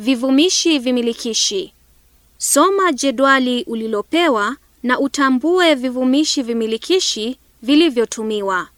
Vivumishi vimilikishi. Soma jedwali ulilopewa na utambue vivumishi vimilikishi vilivyotumiwa.